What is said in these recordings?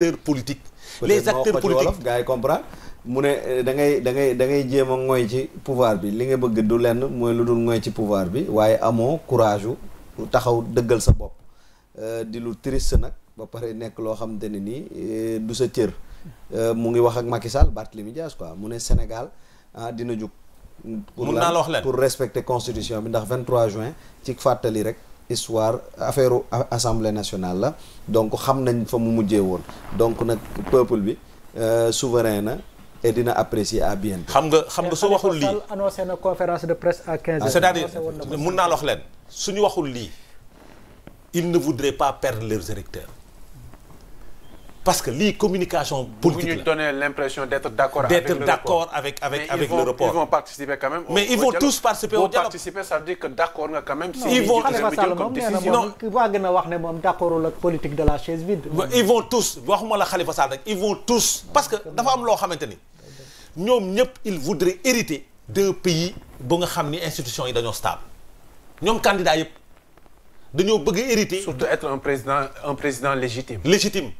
acteurs politiques les acteurs politiques gars yi comprendre mu ne eh, da ngay da ngay da jéem a ngoy ci pouvoir bi li nga bëgg du lenn mooy lu dul ngoy ci pouvoir bi waaye amoo courage u taxaw dëggal sa bopp euh, di lu triste nag ba pare nekk loo xamante ne nii eh, du sa cër euh, mu ngi wax ak Macky Sall Barthélémy Dias quoi mu ne Sénégal ah dina jug pour la wax leen pour respecter constitution bi ndax 23 juin ci fàttali rek histoire affaire assemblée nationale la donc xam nañ fa mu mujjee woon donc nag peuple bi euh, souverain na et dina apprécier à bien. xam nga xam nga soo waxul lii annoncé na conférence de presse à 15 heures. Ah, c'est-à-dire mun naa la wax leen suñu waxul lii ils ne voudraient pas perdre leurs électeurs. parce que lii communication politique la bu ñu donner l'impression d'être d'accord avec le report avec avec avec le report. mais ils vont participer quand même. mais ils vont participer au ils vont gën a ils vont tous waxuma la Khalifa Sall rek ils vont tous parce que dafa am loo xamante ni ñoom ñëpp ils voudraient hériter d'un pays bu nga xam ni institutions yi dañoo stable ñoom candidats yëpp dañoo bëgg hériter. surtout être un président un président légitime. légitime.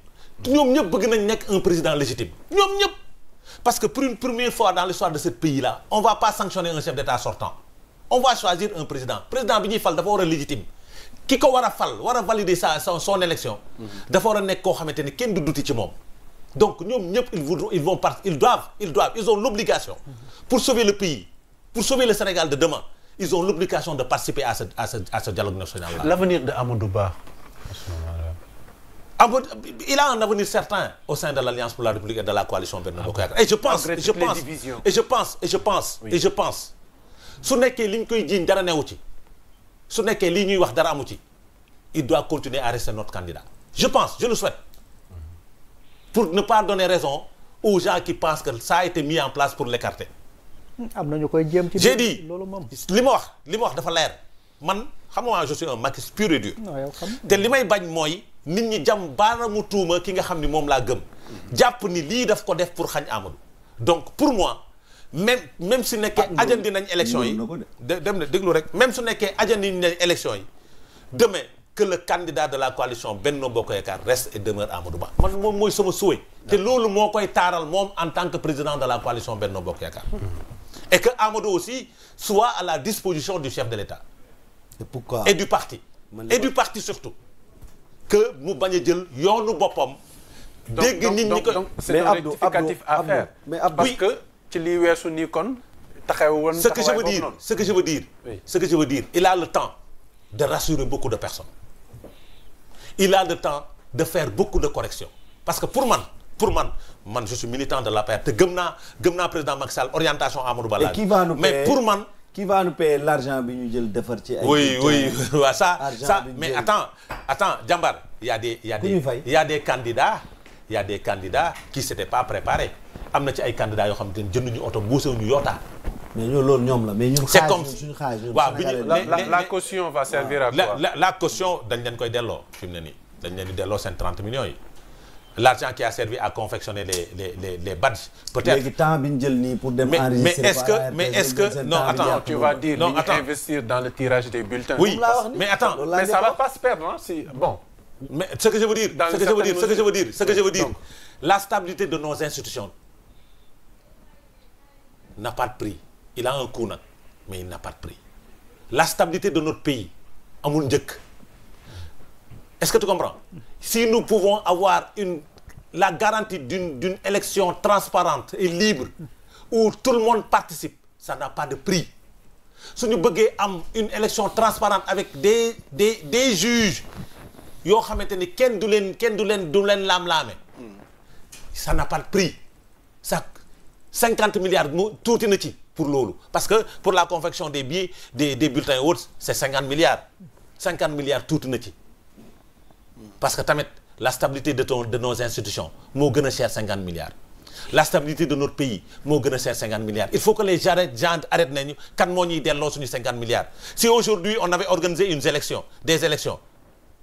ñoom ñëpp bëgg nañ nekk un président légitime ñoom ñëpp parce que pour une première fois dans l'histoire de ce pays là on va pas sanctionner un chef d'État sortant on va choisir un président président bi ñuy fal dafa war a légitime ki ko war a fal war a valider sa son élection mhm. dafa war a nekk koo xamante ni kenn du duti ci moom donc ñoom ñëpp ils voudront ils vont partir ils doivent ils doivent l'obligation mhm. pour sauver le pays pour sauver le Sénégal de demain ils ont l'obligation de Ah, il a un avenir certain au sein de l'Alliance pour la République et de la coalition Benno Bokk Yaakaar et je et je pense je pense et je pense su nekkee li ñu koy jiiñ dara newu ci su nekkee lii ñuy wax dara amu ci il doit continuer à rester notre candidat je pense je le souhaite pour ne pas donner raison aux gens qui pensent que sa a été mis en place pour l'écarter am na ñu koy jéem ci j'ai loolu moom li ma wax li ma wax dafa leer man xam nga je suis un maquis pur li may bañ mooy nit ñi jam baaramu tuuma ki nga xam ni moom laa gëm. jàpp ni lii daf ko def pour xañ Amadou. donc pour moi même même su nekkee ah, ajandi nañ élection yi dem na déglu rek même su nekkee ajandi nañ élection yi demain la coalition Benno Bokk Yaakaar reste et demeure moom mooy sama souhait te loolu moo koy taaral moom en tant que président de la coalition Benno Bokk Yaakaar hmm. et que Amadou aussi soit à la disposition du chef de l'État et pourquoi et du parti. et du parti surtout. que mu bañ a jël yoonu boppam. dégg nit ñi ko mais Abdou rectificatif à faire mais Abdou parce ci lii weesu nii kon. taxawoon ce que je veux dire ce que je veux dire. ce que je veux dire il a le temps de rassurer beaucoup de personnes. il a le temps de faire beaucoup de corrections parce que pour man pour man man je suis militant de l'APR te gëm naa gëm naa président Macky Sall orientation Amadou Ba mais pour man. qui va nous payer l'argent bi ñu jël defar ci. ay oui oui waaw ça ça mais attends attends Jambar yaa a des y a des y a des candidats y a des candidats qui pas préparés am na ci ay candidats yoo xam ne jënduñu oto mbuusewuñu yootaa. mais ñoo loolu ñoom la mais ñun. c'est comme suñu xaaj waaw bi ñu la va servir à la la caution dañ leen koy delloo fi mu ne nii dañ leen di delloo seen 30 millions yi. l'argent qui a servi à confectionner les les les les badges. peut-être léegi temps bi ñu pour dem. enregistrer mais est-ce que mais est-ce que non attends tu vas dire non attends investir dans le tirage des bulletins. oui mais attends mais ça ce que je veux dire. ce que je veux dire ce que je veux dire la stabilité de nos institutions n'a pas de prix il a un coût nag mais il n'a pas de prix la stabilité de notre pays amul njëkk. est-ce que tu comprends si nous pouvons une la garanti d'une d'une élection transparente et libre où tout le monde participe ça n'a pas de prix su ñu bëggee am une élection transparente avec des des des juges yoo xamante ni kenn du leen kenn du leen du leen laam-laame ça n'a pas de prix ça cinquante milliards mu na ci pour loolu parce que pour la confection des billets des des bulletins et autres c'est cinquante milliards cinquante milliards tuuti na ci parce que tamit la stabilité de ton de nos institutions moo gën a cher milliards. la stabilité de notre pays moo gën a cher cinquante milliards il faut que les gens gens arrêtent nañu kan moo ñuy delloo suñu cinquante milliards. si aujourd'hui on avait organisé une élection des élections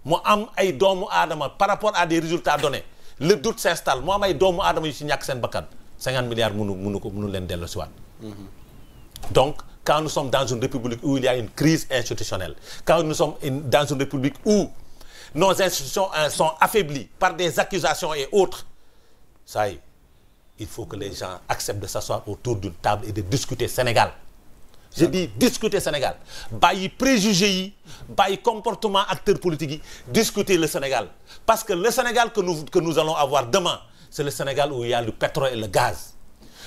mu am ay doomu aadama par rapport à des résultats donnés le doute s'installe mu am ay doomu aadama yu ci ñàkk seen bakkan cinquante milliards mënu mënu ko mënu leen delloo si waat. Mm-hmm. donc quand nous sommes a une crise institutionnelle quand nous sommes dans nos institutions sont affaiblies par des accusations et autres ça y il faut que les gens acceptent de s'asseoir autour d'une table et de discuter Sénégal je dis discuter Sénégal bàyyi préjugés yi bàyyi comportement acteurs politiques yi discuter le Sénégal parce que le Sénégal que nous que nous allons avoir demain c'est le Sénégal où il y a le pétrole le gaz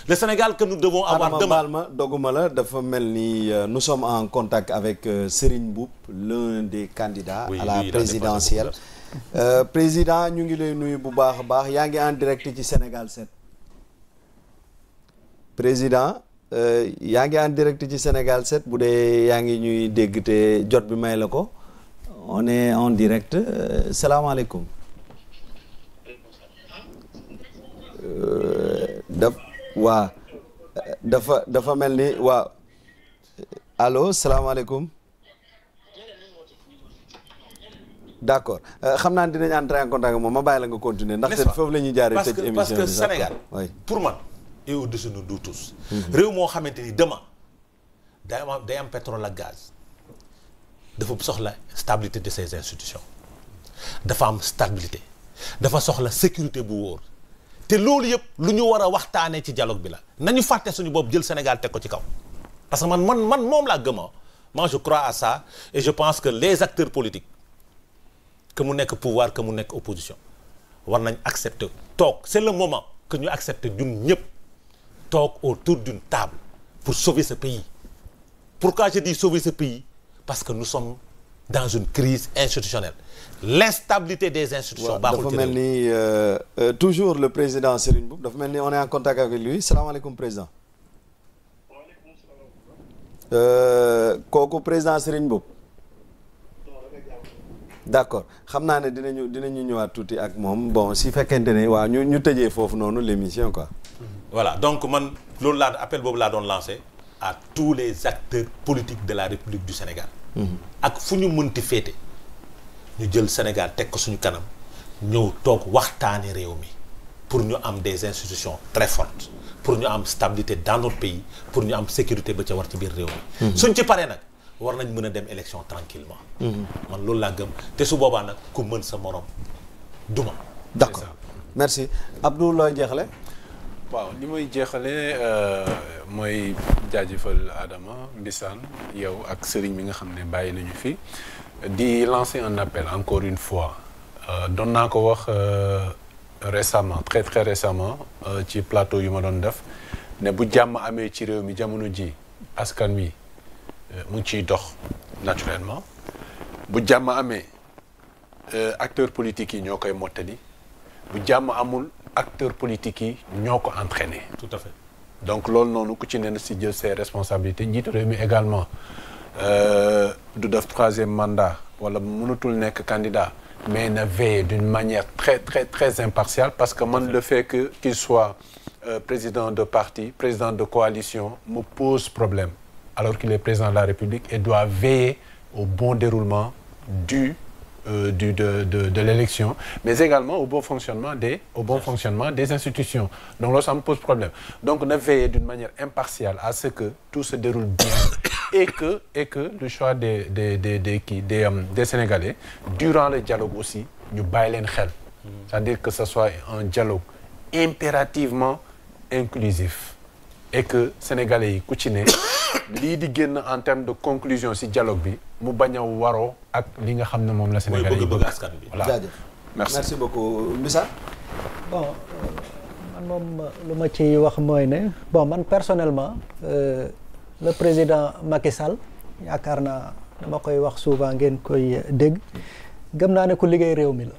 le Sénégal que nous devons avoir demain Adama Balma la dafa mel ni euh, nous sommes en contact avec euh, Serigne Mboup l'un des candidats présidentielle euh, président ñu ngi lay nuyu bu baax a baax yaa ngi en direct ci Sénégal 7 président euh, yaa direct ci Sénégal 7 bu dee yaa ngi ñuy dégg te jot bi may la ko on est en direct euh, salaamaaleykum. daf waa dafa dafa mel ni waa allo salaamaaleykum d' accord euh, xam naa ne dinañ entrer en contact moom ma bàyyi la nga continuer ndaxte foofu la ñuy jaar tëj émission parce que Sénégal pour man et au-dessus de nous tous mhm. réew moo xamante ni demain day am day am pétrole ak gaz dafa soxla stabilité de ces institutions dafa am stabilité dafa soxla sécurité bu wóor te loolu yëpp lu ñu war a waxtaanee ci dialogue bi la na ñu fàtte suñu bopp jël Sénégal teg ko ci kaw parce que man man man moom laa gëma ah. man je crois à ça et je pense que les acteurs politiques que mu nekk pouvoir que mu nekk opposition war nañ accepter toog c'est le moment que ñu accepter ñun ñëpp toog autour d'une table pour sauver ce pays pourquoi je dis sauver ce pays parce que nous sommes dans une crise institutionnelle l'instabilité des institutions. baaxul dafa mel ni euh, euh, toujours le président Serigne Boub dafa mel ni on est en contact avec lui salaamaaleykum président. Euh, kooku président Serigne Boub. d'accord xam naa ne dinañu ñu ñëwaat tuuti ak moom bon si fekkente ne waaw ñu ñu tëjee foofu noonu l'émission quoi. voilà donc man loolu laa appel boobu laa doon lancé a tous les acteurs politiques de la République du Sénégal. Mhm. ak fu ñu mënti féete. ñu jël Sénégal teg ko suñu kanam ñëw toog waxtaane réew mi pour ñu am des institutions très fortes pour ñu am stabilité dans notre pays pour ñu am sécurité ba ca war ci biir réew mi mhm. suñ ci paree nag war nañ mën a dem élection tranquillement mhm. man loolu laa gëm te su boobaa nag ku mën sa morom duma d'accord merci Abdou looy jeexale waaw li may jeexalee euh, mooy jaajëfal Adama Mbissane yow ak sëriñ bi nga xam ne bàyyi nañu fii di lancer un appel encore une fois euh, doon naa ko wax euh, récemment très très récemment euh, ci plateau yu ma doon def ne bu jàmm amee ci réew mi jamono ji askan wi mu ngi ciy dox naturellement bu jàmm amee acteur politiques yi ñoo koy mottali bu jàmm amul acteurs politiques yi ñoo ko entraîné. tout à fait donc loolu noonu ku ci ne si jël see responsabilité njiitu réew mi également. Euh, du def troisième mandat wala mënatul nekk candidat mais na veiller d'une manière très très très impartiale parce que man le fait que qu'il soit euh, président de parti président de coalition me pose problème alors qu'il est président de la République et doit veiller au bon déroulement du euh, du de de de l'élection mais également au bon fonctionnement des au bon fonctionnement des institutions donc là ça problème donc na veiller d'une manière impartiale à ce que tout se déroule bien et que et que le choix des des des des kii des des, euh, des Sénégalais durant le dialogue aussi ñu bàyyi leen xel. c'est-à-dire que ce un dialogue impérativement inclusif et que sénégalais yi ku ci ne lii di génn en termes de conclusion si dialogue bi mu bañ a waroo ak li nga xam ne moom la sénégalais yi bëgg askan bi voilà merci merci beaucoup Moussa euh, moom lu ma ci wax mooy ne bon man personnellement. Euh, le président Macky Sall yaakaar naa dama koy wax souvent ngeen koy dégg gëm naa ne ku liggéey réew mi la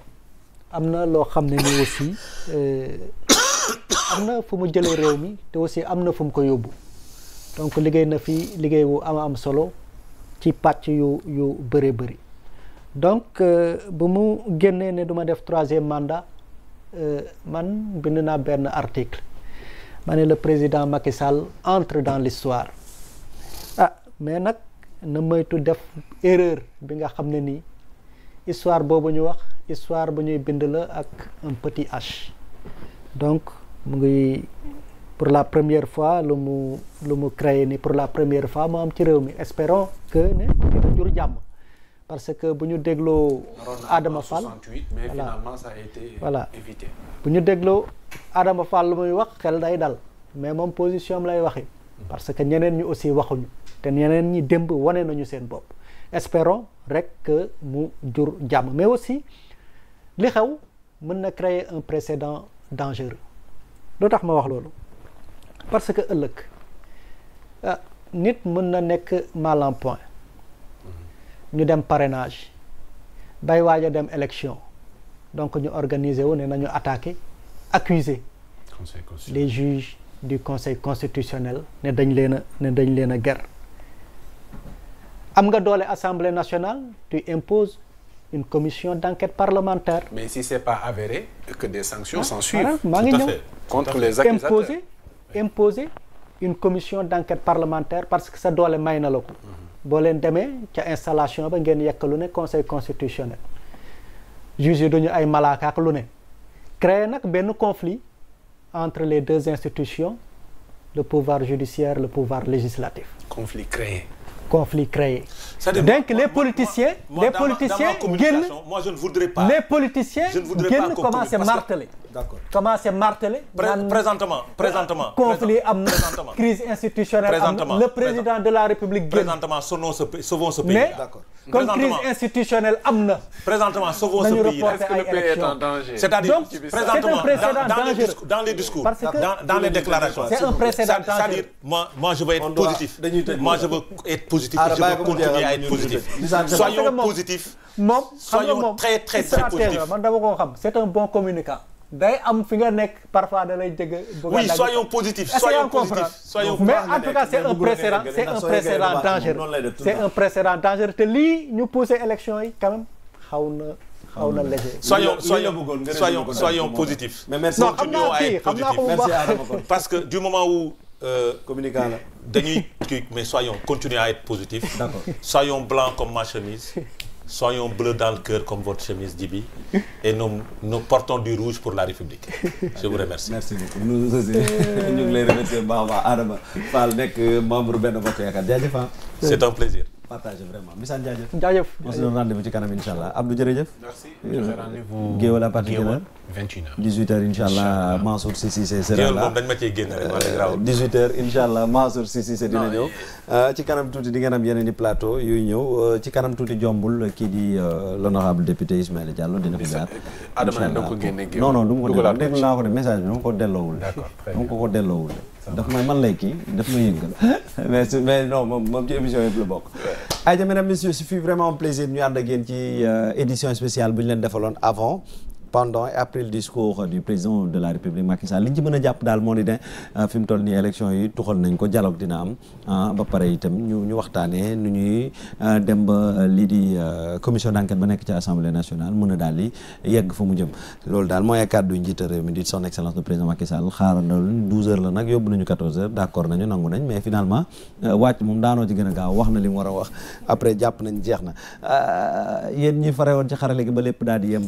am na loo xam ne ni aussi euh, am na fu mu jëlee réew mi te aussi am na fu mu ko yóbbu donc liggéey na fi liggéey bu am am solo ci pàcc yu yu bëree bëri donc euh, bu mu génnee ne duma def troisième mandat euh, man bind naa benn article ma ne le président Macky Sall entre dans l'histoire mais nag na moytu def erreur bi nga xam ne nii histoire boobu ñu wax histoire bu ñuy bind la ak un petit h donc mu ngi pour la première fois lu mu lu mu créé ni pour la première fois mu am ci réew mi espérons que ne dina jur jàmm parce que bu ñu dégloo Adama Fall voilà voilà bu ñu dégloo Adama Fall lu muy wax xel day dal mais moom position am lay waxi parce que ñeneen ñu aussi waxuñu te ñeneen ñi démb wane nañu seen bopp espérons rek que mu jur jàmm mais aussi li xew mën na créer un précédent dangereux lu tax ma wax loolu parce que ëllëg ah, nit mën na nekk mal en point ñu dem parrainage bay waaj a dem élection donc ñu organiser wu ne nañu attaquer accuser les juges du conseil constitutionnel ne dañ leen a ne dañ leen a ger am nga doole assemblée nationale tu imposes une commission d'enquête parlementaire. mais si c'est pas avéré que des sanctions ah, s'en suivent. maa ngi ñëw contre les accusateurs une commission d'enquête parlementaire parce que sa doole may na la ko. Mhm. boo leen demee ca installation ba ngeen yekk lu ne conseil constitutionnel juge yi dañu ay malaaka lu ne créer nag benn conflit entre les deux institutions le pouvoir judiciaire le pouvoir législatif. conflit créé. conflit créé. donc les politiciens. les politiciens génn moi je les politiciens génn commencé martelé. d'accord présentement ah, présentement. am na crise institutionnelle am le président de la république génn. présentement ce pays. d'accord comme crise institutionnelle am na. présentement sauvons ce pays là est-ce que le pays est en danger. c'est-à-dire présentement dans les discours dans les déclarations. c'est un précédent dangereux c'est-à-dire moi moi je veux être positif. moi je veux être positif je veux continuer à être positif. soyons positifs. moom xam nga moom soyons très très très positifs. man dama ko xam c'est un bon communicant. day am fi nga nekk parfois da lay jëg oui soyons positifs soyons positifs soyons mais en tout cas c'est un précédent c'est un précédent dangereux c'est un précédent dangereux te lii ñu poussé élection yi quand même xaw na xaw na léger soyons soyons soyons positifs mais merci non xam naa parce que du moment où euh, communicant la dañuy mais soyons continuer à être positifs d'accord soyons blancs comme ma soyons bleus dans le cœur comme votre chemise Djibi et nous, nous portons du rouge pour la République. Je vous remercie. Merci beaucoup. Nous aussi, nous les remercions. Adama Fall, membre de Benoît C'est un plaisir. partagé vraiment Missane jaajëf. jaajëf on se donne rendez-vous ci kanam incha allah Abdou jërëjëf. merci joxe rendez-vous Géewal à partir de 21h. 18h incha allah Mansour Sissi Cissé sera là dañ ma cee génn rek wala garaaw. 18h incha allah Mansour Sissi Cissé dina ñëw. Euh, ci kanam tuuti di ngeen am yeneen i plateau yuy ñëw euh, ci kanam tuuti jombul kii di euh, l'honorable député Ismaïla Diallo dina fi jaar. incha allah non non du ma ko delloo déglu naa ko de message bi dama ko delloowul. d'accord très bien dama ko ko delloowul. daf ma man lay kii daf ma yëngal mais no non moom moom ci émission yëpp la bokk ay ja mesdames messieurs ce fi vraiment un plaisir ñu ànd ak yéen ci euh, édition spéciale bu ñu leen defaloon avant pendant et après le discours du président de la République Macky li ñu mën a jàpp daal moo di ne euh, fi toll nii élection yi tuxal nañ ko dialogue dina am ah, ba pare itam ñu ñu waxtaanee nu ñuy euh, dem ba euh, lii di commission d'enquête ba nekk ci assemblée nationale mën a daal di yegg fa mu jëm loolu daal mooy kàddu njiitu réew mi di son excellence le président Macky Sall la nag yóbbu nañu 14 heures d'accord nañu nangu nañ mais finalement wàcc na li mu war a